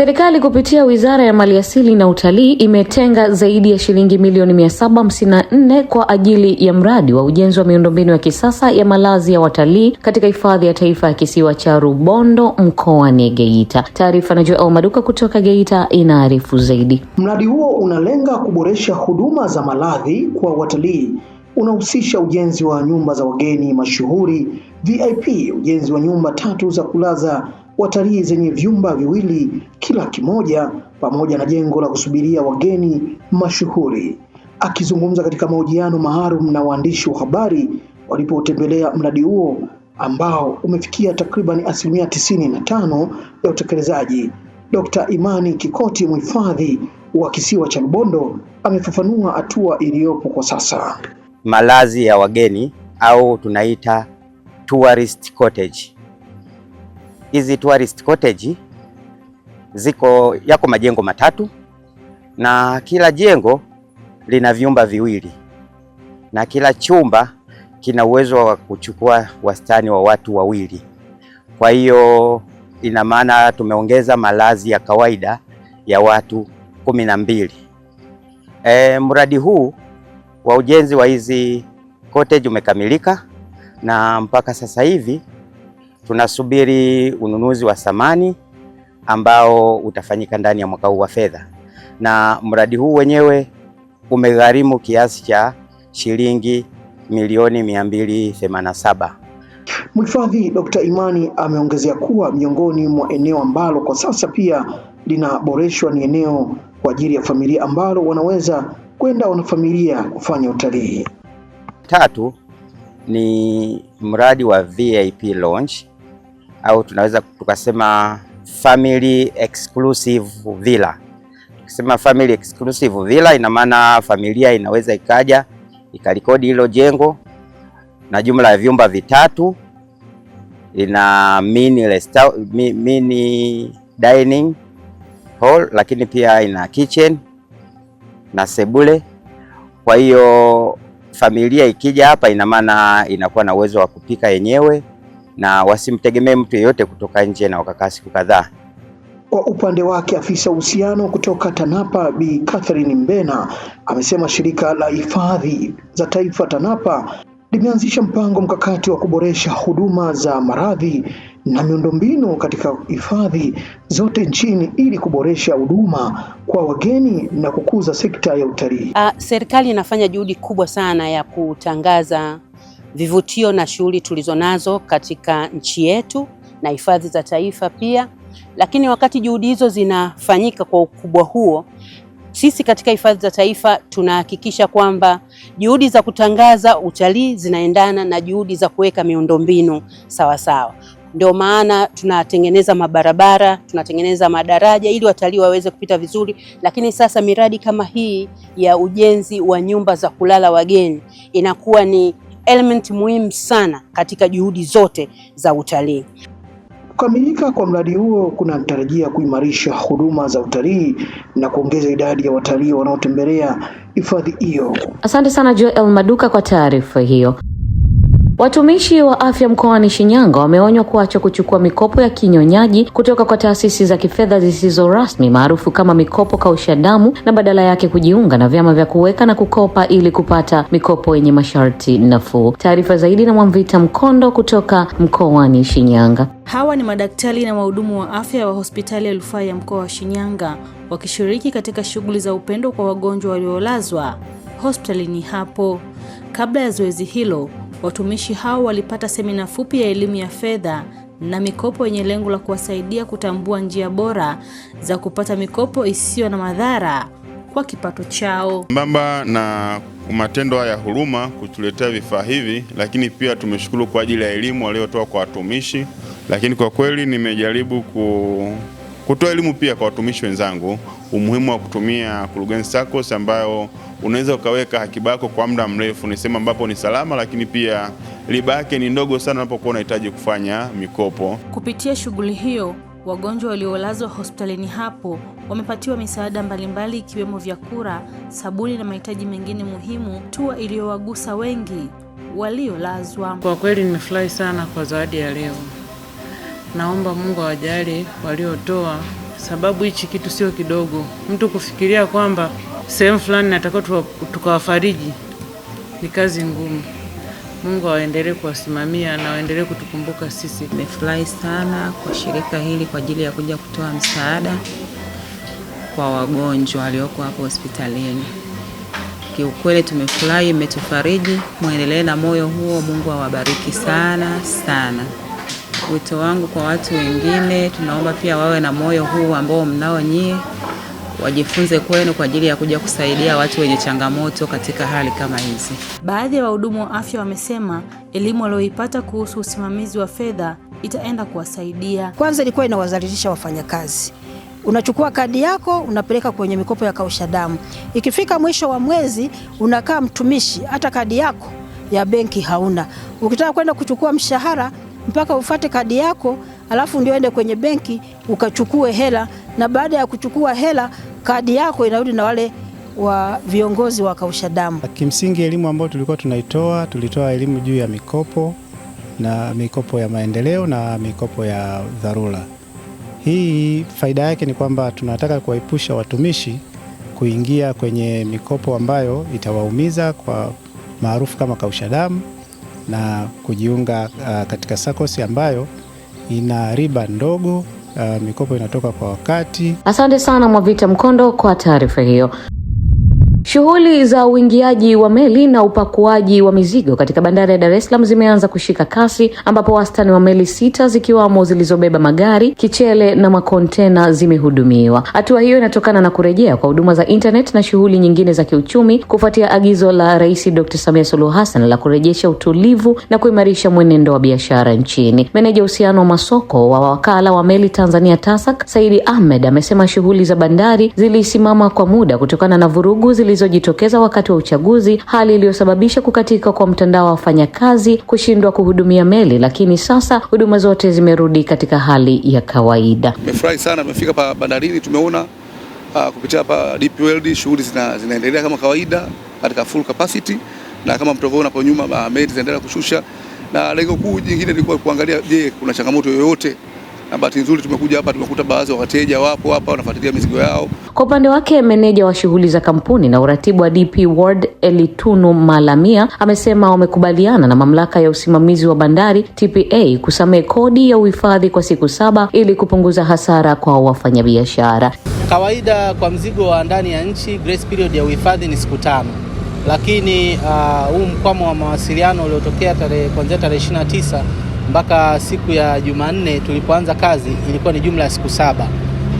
Serikali kupitia Wizara ya Maliasili na Utalii imetenga zaidi ya shilingi milioni 754 kwa ajili ya mradi wa ujenzi wa miundombinu ya kisasa ya malazi ya watalii katika hifadhi ya taifa ya kisiwa cha Rubondo mkoani Geita. Taarifa na Joel Maduka kutoka Geita inaarifu zaidi. Mradi huo unalenga kuboresha huduma za malazi kwa watalii unahusisha ujenzi wa nyumba za wageni mashuhuri VIP, ujenzi wa nyumba tatu za kulaza watalii zenye vyumba viwili kila kimoja pamoja na jengo la kusubiria wageni mashuhuri. Akizungumza katika mahojiano maalum na waandishi wa habari walipotembelea mradi huo ambao umefikia takriban asilimia tisini na tano ya utekelezaji, Dkt. Imani Kikoti, mhifadhi wa kisiwa cha rubondo amefafanua hatua iliyopo kwa sasa. Malazi ya wageni au tunaita tourist cottage hizi tourist cottage ziko yako majengo matatu na kila jengo lina vyumba viwili na kila chumba kina uwezo wa kuchukua wastani wa watu wawili. Kwa hiyo ina maana tumeongeza malazi ya kawaida ya watu kumi na mbili. E, mradi huu wa ujenzi wa hizi cottage umekamilika na mpaka sasa hivi Tunasubiri ununuzi wa samani ambao utafanyika ndani ya mwaka huu wa fedha, na mradi huu wenyewe umegharimu kiasi cha shilingi milioni 287. Mhifadhi Dr. Imani ameongezea kuwa miongoni mwa eneo ambalo kwa sasa pia linaboreshwa ni eneo kwa ajili ya familia ambalo wanaweza kwenda wanafamilia kufanya utalii. Tatu ni mradi wa VIP lounge au tunaweza tukasema family exclusive villa. Tukisema family exclusive villa, ina maana familia inaweza ikaja ikarikodi hilo jengo na jumla ya vyumba vitatu, ina mini mini dining hall, lakini pia ina kitchen na sebule. Kwa hiyo familia ikija hapa, ina maana inakuwa na uwezo wa kupika yenyewe na wasimtegemee mtu yeyote kutoka nje na wakakaa siku kadhaa. Kwa upande wake afisa uhusiano kutoka TANAPA Bi Catherine Mbena amesema shirika la hifadhi za taifa TANAPA limeanzisha mpango mkakati wa kuboresha huduma za maradhi na miundombinu katika hifadhi zote nchini ili kuboresha huduma kwa wageni na kukuza sekta ya utalii. Ah, serikali inafanya juhudi kubwa sana ya kutangaza vivutio na shughuli tulizonazo katika nchi yetu na hifadhi za taifa pia. Lakini wakati juhudi hizo zinafanyika kwa ukubwa huo, sisi katika hifadhi za taifa tunahakikisha kwamba juhudi za kutangaza utalii zinaendana na juhudi za kuweka miundombinu sawa sawa. Ndio maana tunatengeneza mabarabara, tunatengeneza madaraja ili watalii waweze kupita vizuri. Lakini sasa miradi kama hii ya ujenzi wa nyumba za kulala wageni inakuwa ni element muhimu sana katika juhudi zote za utalii. Kukamilika kwa mradi huo kunatarajia kuimarisha huduma za utalii na kuongeza idadi ya watalii wanaotembelea hifadhi hiyo. Asante sana Joel Maduka kwa taarifa hiyo. Watumishi wa afya mkoani Shinyanga wameonywa kuacha kuchukua mikopo ya kinyonyaji kutoka kwa taasisi za kifedha zisizo rasmi maarufu kama mikopo kausha damu na badala yake kujiunga na vyama vya kuweka na kukopa ili kupata mikopo yenye masharti nafuu. Taarifa zaidi na Mwamvita Mkondo kutoka mkoani Shinyanga. Hawa ni madaktari na wahudumu wa afya wa hospitali ya rufaa ya mkoa wa Shinyanga wakishiriki katika shughuli za upendo kwa wagonjwa waliolazwa hospitalini hapo. Kabla ya zoezi hilo, watumishi hao walipata semina fupi ya elimu ya fedha na mikopo yenye lengo la kuwasaidia kutambua njia bora za kupata mikopo isiyo na madhara kwa kipato chao. Mbamba na matendo haya ya huruma kutuletea vifaa hivi, lakini pia tumeshukuru kwa ajili ya elimu waliotoa kwa watumishi. Lakini kwa kweli nimejaribu ku kutoa elimu pia kwa watumishi wenzangu umuhimu wa kutumia Kurugenzi SACCOS ambayo unaweza ukaweka hakibako yako kwa muda mrefu. Ni sehemu ambapo ni salama, lakini pia riba yake ni ndogo sana unapokuwa unahitaji kufanya mikopo. Kupitia shughuli hiyo, wagonjwa waliolazwa hospitalini hapo wamepatiwa misaada mbalimbali ikiwemo vyakula, sabuni na mahitaji mengine muhimu, hatua iliyowagusa wengi waliolazwa. Kwa kweli nimefurahi sana kwa zawadi ya leo. Naomba Mungu awajalie waliotoa sababu hichi kitu sio kidogo. Mtu kufikiria kwamba sehemu fulani natakiwa tukawafariji ni kazi ngumu. Mungu awaendelee kuwasimamia na waendelee kutukumbuka sisi. Nimefurahi sana kwa shirika hili kwa ajili ya kuja kutoa msaada kwa wagonjwa walioko hapo hospitalini. Kiukweli tumefurahi, imetufariji. muendelee na moyo huo. Mungu awabariki sana sana. Wito wangu kwa watu wengine, tunaomba pia wawe na moyo huu ambao mnao nyie, wajifunze kwenu kwa ajili ya kuja kusaidia watu wenye changamoto katika hali kama hizi. Baadhi ya wahudumu wa afya wamesema elimu walioipata kuhusu usimamizi wa fedha itaenda kuwasaidia. Kwanza ilikuwa inawazalilisha wafanyakazi unachukua kadi yako unapeleka kwenye mikopo ya kausha damu. Ikifika mwisho wa mwezi unakaa mtumishi, hata kadi yako ya benki hauna. Ukitaka kwenda kuchukua mshahara mpaka ufate kadi yako, alafu ndio ende kwenye benki ukachukue hela, na baada ya kuchukua hela kadi yako inarudi na wale wa viongozi wa kausha damu. Kimsingi elimu ambayo tulikuwa tunaitoa, tulitoa elimu juu ya mikopo na mikopo ya maendeleo na mikopo ya dharura. Hii faida yake ni kwamba tunataka kuwaepusha watumishi kuingia kwenye mikopo ambayo itawaumiza kwa maarufu kama kausha damu na kujiunga uh, katika SACCOS ambayo ina riba ndogo, uh, mikopo inatoka kwa wakati. Asante sana Mwavita Mkondo kwa taarifa hiyo. Shughuli za uingiaji wa meli na upakuaji wa mizigo katika bandari ya Dar es Salaam zimeanza kushika kasi ambapo wastani wa meli sita zikiwamo zilizobeba magari, kichele na makontena zimehudumiwa. Hatua hiyo inatokana na kurejea kwa huduma za internet na shughuli nyingine za kiuchumi kufuatia agizo la Rais Dr. Samia Suluhu Hassan la kurejesha utulivu na kuimarisha mwenendo wa biashara nchini. Meneja uhusiano wa masoko wa wakala wa meli Tanzania TASAC Saidi Ahmed amesema shughuli za bandari zilisimama kwa muda kutokana na vurugu zilizo zilizojitokeza wakati wa uchaguzi, hali iliyosababisha kukatika kwa mtandao wa wafanyakazi kushindwa kuhudumia meli, lakini sasa huduma zote zimerudi katika hali ya kawaida. Nimefurahi sana, nimefika pa bandarini, tumeona uh, kupitia hapa DP World shughuli zina, zinaendelea kama kawaida katika full capacity, na kama mtavyoona hapo nyuma ah, meli zinaendelea kushusha, na lengo kuu jingine lilikuwa kuangalia, je, kuna changamoto yoyote na bahati nzuri tumekuja hapa tumekuta baadhi ya wateja wapo hapa wanafuatilia mizigo yao. Kwa upande wake, meneja wa shughuli za kampuni na uratibu wa DP World Elitunu Malamia amesema wamekubaliana na mamlaka ya usimamizi wa bandari TPA kusamehe kodi ya uhifadhi kwa siku saba ili kupunguza hasara kwa wafanyabiashara. Kawaida kwa mzigo wa ndani ya nchi grace period ya uhifadhi ni siku tano, lakini uh, huu uh, mkwamo wa mawasiliano uliotokea kuanzia tarehe 29 mpaka siku ya Jumanne tulipoanza kazi ilikuwa ni jumla ya siku saba.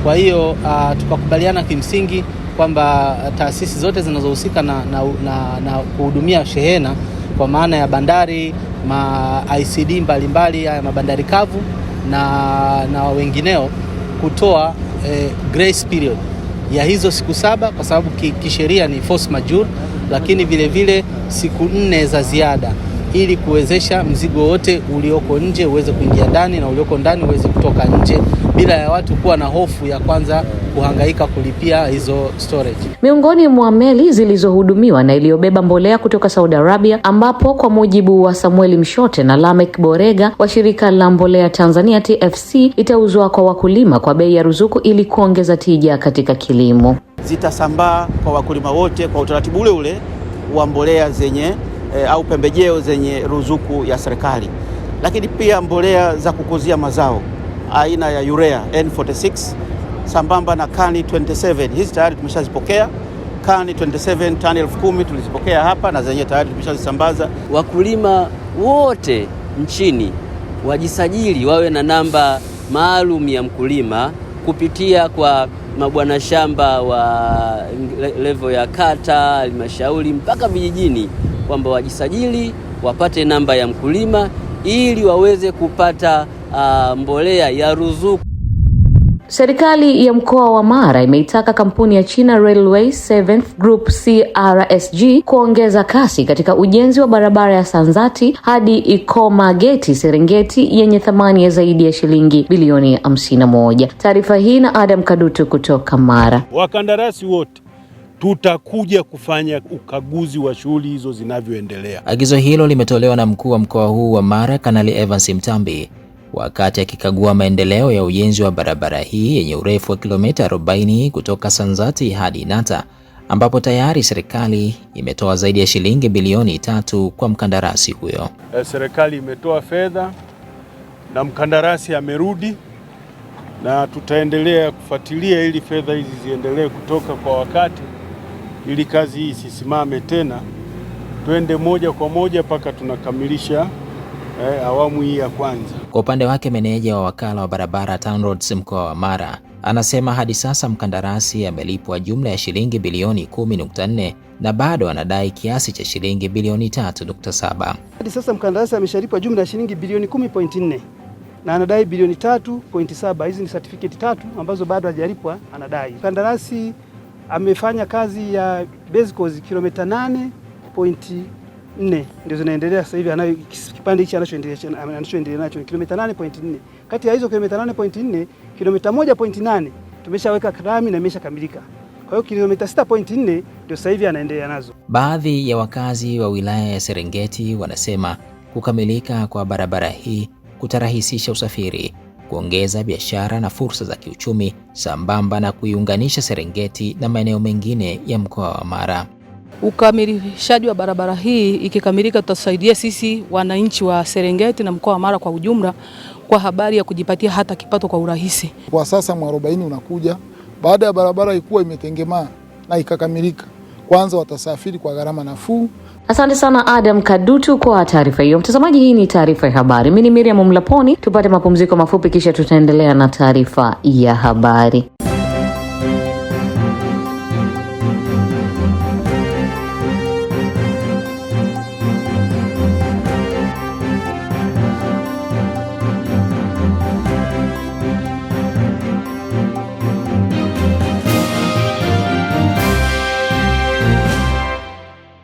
Kwa hiyo uh, tukakubaliana kimsingi kwamba taasisi zote zinazohusika na, na, na, na kuhudumia shehena kwa maana ya bandari ma ICD mbalimbali haya mabandari kavu na, na wengineo kutoa eh, grace period ya hizo siku saba kwa sababu kisheria ni force majeure, lakini vilevile vile siku nne za ziada ili kuwezesha mzigo wote ulioko nje uweze kuingia ndani na ulioko ndani uweze kutoka nje bila ya watu kuwa na hofu ya kwanza kuhangaika kulipia hizo storage. Miongoni mwa meli zilizohudumiwa na iliyobeba mbolea kutoka Saudi Arabia, ambapo kwa mujibu wa Samueli Mshote na Lamek Borega wa shirika la mbolea Tanzania TFC, itauzwa kwa wakulima kwa bei ya ruzuku ili kuongeza tija katika kilimo. Zitasambaa kwa wakulima wote kwa utaratibu ule ule wa mbolea zenye e, au pembejeo zenye ruzuku ya serikali, lakini pia mbolea za kukuzia mazao aina ya urea N46 sambamba na kani 27. Hizi tayari tumeshazipokea kani 27 tani elfu kumi tulizipokea hapa na zenyewe tayari tumeshazisambaza. Wakulima wote nchini wajisajili, wawe na namba maalum ya mkulima kupitia kwa mabwana shamba wa level ya kata, halmashauri mpaka vijijini kwamba wajisajili wapate namba ya mkulima ili waweze kupata uh, mbolea ya ruzuku. Serikali ya mkoa wa Mara imeitaka kampuni ya China Railway Seventh Group CRSG kuongeza kasi katika ujenzi wa barabara ya Sanzati hadi Ikoma Geti Serengeti yenye thamani ya zaidi ya shilingi bilioni 51. Taarifa hii na Adam Kadutu kutoka Mara. Wakandarasi wote tutakuja kufanya ukaguzi wa shughuli hizo zinavyoendelea. Agizo hilo limetolewa na mkuu wa mkoa huu wa Mara, Kanali Evans Mtambi, wakati akikagua maendeleo ya ujenzi wa barabara hii yenye urefu wa kilomita 40 kutoka Sanzati hadi Nata, ambapo tayari serikali imetoa zaidi ya shilingi bilioni tatu kwa mkandarasi huyo. E, serikali imetoa fedha na mkandarasi amerudi, na tutaendelea kufuatilia ili fedha hizi ziendelee kutoka kwa wakati ili kazi hii isisimame tena, twende moja kwa moja mpaka tunakamilisha eh, awamu hii ya kwanza. Kwa upande wake, meneja wa wakala wa barabara TANROADS mkoa wa Mara anasema hadi sasa mkandarasi amelipwa jumla ya shilingi bilioni 10.4 na bado anadai kiasi cha shilingi bilioni 3.7. Hadi sasa mkandarasi ameshalipwa jumla ya shilingi bilioni 10.4 na anadai bilioni 3.7. Hizi ni certificate tatu ambazo bado hajalipwa, anadai mkandarasi amefanya kazi ya base course kilomita 8.4 ndio zinaendelea sasa hivi, anayo kipande hichi anachoendelea anachoendelea nacho kilomita 8.4. Kati ya hizo kilomita 8.4, kilomita 1.8 tumeshaweka lami na imeshakamilika. Kwa hiyo kilomita 6.4 ndio sasa hivi anaendelea nazo. Baadhi ya wakazi wa wilaya ya Serengeti wanasema kukamilika kwa barabara hii kutarahisisha usafiri kuongeza biashara na fursa za kiuchumi sambamba na kuiunganisha Serengeti na maeneo mengine ya mkoa wa Mara. Ukamilishaji wa barabara hii ikikamilika, tutasaidia sisi wananchi wa Serengeti na mkoa wa Mara kwa ujumla kwa habari ya kujipatia hata kipato kwa urahisi. Kwa sasa mwarobaini unakuja baada ya barabara ikuwa imetengemaa na ikakamilika, kwanza watasafiri kwa gharama nafuu. Asante sana Adam Kadutu kwa taarifa hiyo. Mtazamaji, hii ni taarifa ya habari. Mimi ni Miriam Mlaponi, tupate mapumziko mafupi, kisha tutaendelea na taarifa ya habari.